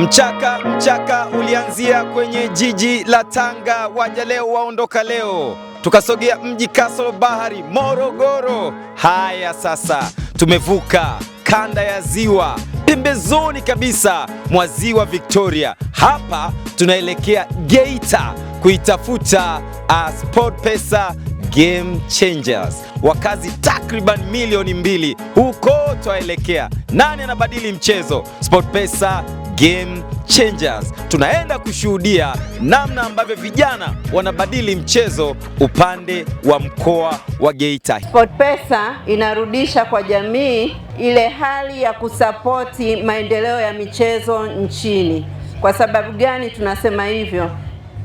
Mchaka mchaka ulianzia kwenye jiji la Tanga, waja leo waondoka leo, tukasogea mji kasoro bahari Morogoro. Haya sasa tumevuka kanda ya ziwa, pembezoni kabisa mwa ziwa Victoria. Hapa tunaelekea Geita kuitafuta uh, SportPesa Game Changers, wakazi takriban milioni mbili huko. Twaelekea nani anabadili mchezo? SportPesa game changers. Tunaenda kushuhudia namna ambavyo vijana wanabadili mchezo upande wa mkoa wa Geita. SportPesa inarudisha kwa jamii ile hali ya kusapoti maendeleo ya michezo nchini. Kwa sababu gani tunasema hivyo?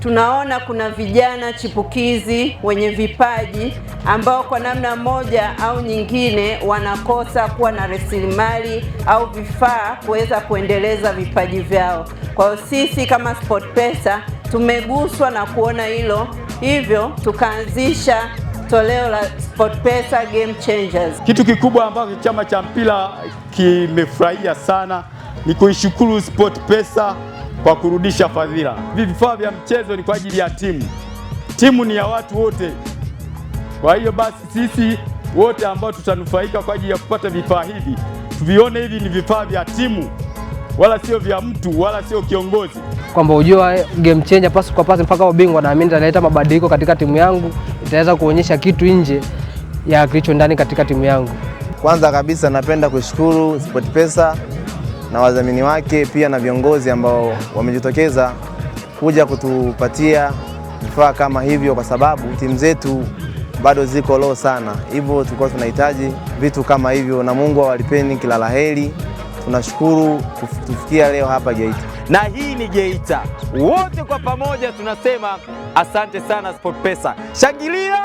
tunaona kuna vijana chipukizi wenye vipaji ambao kwa namna moja au nyingine wanakosa kuwa na rasilimali au vifaa kuweza kuendeleza vipaji vyao. Kwa hiyo sisi kama SportPesa tumeguswa na kuona hilo, hivyo tukaanzisha toleo la SportPesa Game Changers. Kitu kikubwa ambacho chama cha mpira kimefurahia sana ni kuishukuru SportPesa kwa kurudisha fadhila. Hivi vifaa vya mchezo ni kwa ajili ya timu, timu ni ya watu wote. Kwa hiyo basi sisi wote ambao tutanufaika kwa ajili ya kupata vifaa hivi tuvione hivi ni vifaa vya timu, wala sio vya mtu wala sio kiongozi, kwamba ujua eh, game changer pasi kwa pasi mpaka ubingwa. Naamini italeta mabadiliko katika timu yangu, itaweza kuonyesha kitu nje ya kilicho ndani katika timu yangu. Kwanza kabisa napenda kushukuru SportPesa na wadhamini wake pia na viongozi ambao wamejitokeza kuja kutupatia vifaa kama hivyo, kwa sababu timu zetu bado ziko low sana, hivyo tulikuwa tunahitaji vitu kama hivyo, na Mungu awalipeni kila la heri. Tunashukuru kufikia leo hapa Geita, na hii ni Geita. Wote kwa pamoja tunasema asante sana SportPesa, shangilia